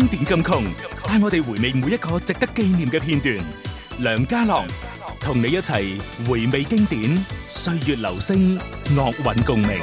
經典金曲帶我哋回味每一個值得紀念嘅片段。梁家樂同你一齊回味經典歲月留聲，樂韻共鳴。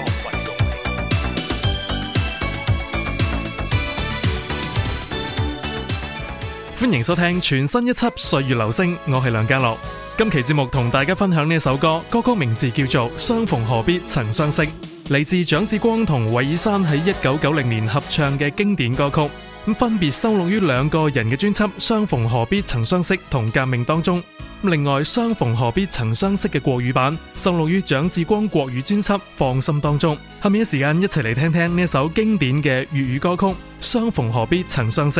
歡迎收聽全新一輯《歲月留聲》，我係梁家樂。今期節目同大家分享呢一首歌，歌曲名字叫做《相逢何必曾相識》，嚟自蔣志光同韋爾山喺一九九零年合唱嘅經典歌曲。咁分別收錄於兩個人嘅專輯《相逢何必曾相識》同《革命》當中。另外《相逢何必曾相識》嘅國語版收錄於蔣志光國語專輯《放心》當中。下面嘅時間，一齊嚟聽聽呢一首經典嘅粵語歌曲《相逢何必曾相識》。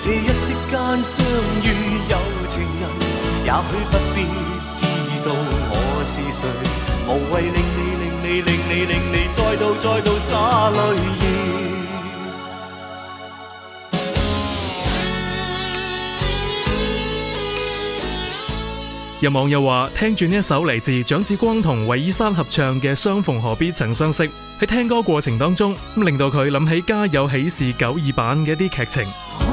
這一息間相遇有情人也許不必知道我是誰無謂令你令你令你令你再度再度灑淚意有網友話聽住呢一首嚟自蔣志光同韋爾山合唱嘅相逢何必曾相識喺聽歌過程當中令到佢諗起家有喜事九二版嘅一啲劇情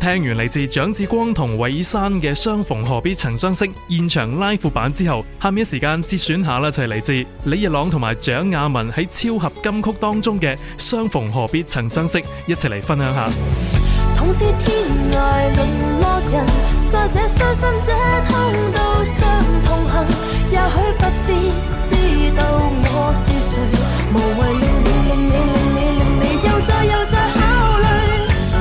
聽完嚟自蔣志光同韋綺珊嘅《相逢何必曾相識》現場拉酷版之後，下面時間節選下啦，就係、是、嚟自李日朗同埋蔣雅文喺超合金曲當中嘅《相逢何必曾相識》，一齊嚟分享下。同是天涯淪落人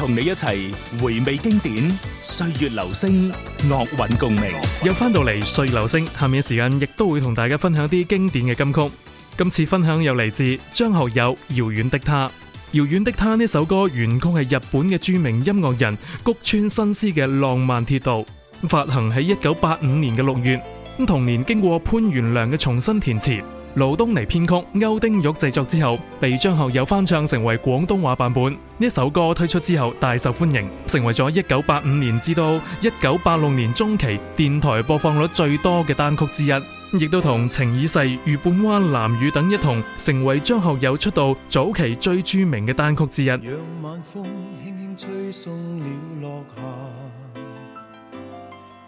同你一齊回味經典，歲月留聲樂韻共鳴。又翻到嚟歲月留聲，留聲下面嘅時間亦都會同大家分享啲經典嘅金曲。今次分享又嚟自張學友《遙遠的她》，遙遠的她呢首歌原曲係日本嘅著名音樂人谷村新司嘅《浪漫鐵道》，發行喺一九八五年嘅六月。咁同年經過潘元良嘅重新填詞，盧東尼編曲，歐丁玉製作之後，被張學友翻唱成為廣東話版本。呢首歌推出之後大受歡迎，成為咗一九八五年至到一九八六年中期電台播放率最多嘅單曲之一，亦都同《情已逝》、《月半彎》、《藍雨》等一同成為張學友出道早期最著名嘅單曲之一。讓晚風輕輕吹送了落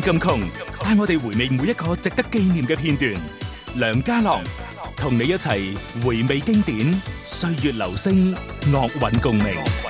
咁窮，帶我哋回味每一個值得紀念嘅片段。梁家朗，同你一齊回味經典，歲月留聲，樂韻共鳴。